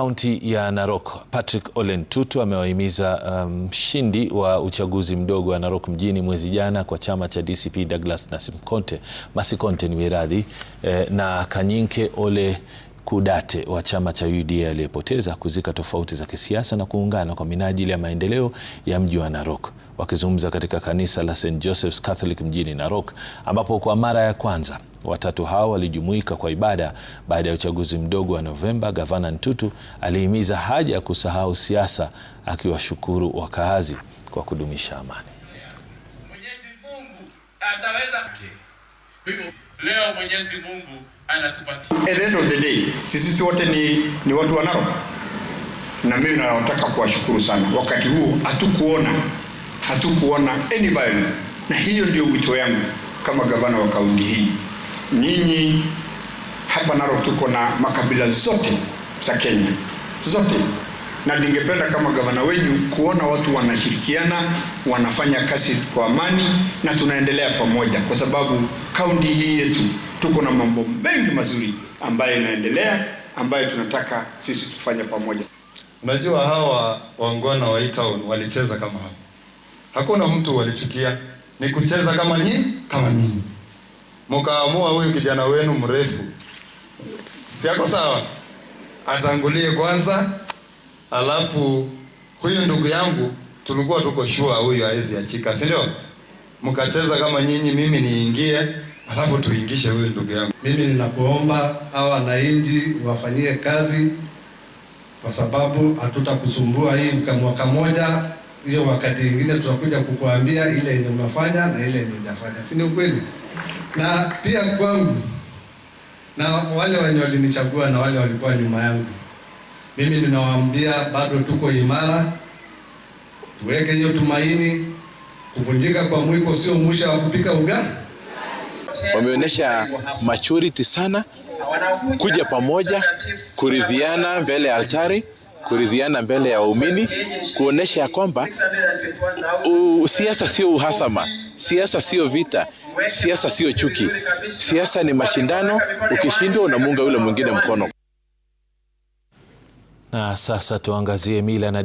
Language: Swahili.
Kaunti ya Narok, Patrick Ole Ntutu amewahimiza um, mshindi um, wa uchaguzi mdogo wa Narok mjini mwezi jana kwa chama cha DCP Douglas Nasikonte Masikonte ni wiradhi eh, na Kanyinke Ole Kudate wa chama cha UDA aliyepoteza kuzika tofauti za kisiasa na kuungana kwa minajili ya maendeleo ya mji wa Narok. Wakizungumza katika kanisa la St Joseph's Catholic mjini Narok ambapo kwa mara ya kwanza Watatu hao walijumuika kwa ibada baada ya uchaguzi mdogo wa Novemba. Gavana Ntutu alihimiza haja ya kusahau siasa, akiwashukuru wakaazi kwa kudumisha amani. Mwenyezi Mungu ataweza. Leo Mwenyezi Mungu anatupatia. sisi wote ni, ni watu wa Narok na mimi nataka kuwashukuru sana. Wakati huu hatukuona hatukuona any na hiyo ndio wito yangu kama gavana wa kaunti hii nyinyi hapa naro tuko na makabila zote za Kenya zote, na ningependa kama gavana wenu kuona watu wanashirikiana, wanafanya kazi kwa amani, na tunaendelea pamoja, kwa sababu kaunti hii yetu tuko na mambo mengi mazuri ambayo inaendelea, ambayo tunataka sisi tufanye pamoja. Unajua, hawa wangwana wa town walicheza kama hapo, hakuna mtu walichukia, ni kucheza kama nyinyi kama nyinyi mkaamua huyu kijana wenu mrefu, siako sawa, atangulie kwanza, alafu huyu ndugu yangu tulikuwa tuko shua huyu hawezi achika, si Mkacheza kama nyinyi, mimi niingie, alafu tuingishe huyu ndugu yangu. Mimi ninakuomba hawa nainji wafanyie kazi, kwa sababu hatutakusumbua hii mwaka moja hiyo wakati ingine tunakuja kukuambia ile yenye unafanya na ile yenye unafanya, si ni ukweli? Na pia kwangu na wale wenye walinichagua na wale walikuwa nyuma yangu, mimi ninawaambia bado tuko imara, tuweke hiyo tumaini. Kuvunjika kwa mwiko sio mwisho wa kupika ugali. Wameonyesha maturity sana, kuja pamoja, kuridhiana mbele ya altari kuridhiana mbele ya waumini, kuonesha ya kwamba siasa sio uhasama, siasa sio vita, siasa sio chuki, siasa ni mashindano. Ukishindwa unamuunga yule mwingine mkono. Na sasa tuangazie mila na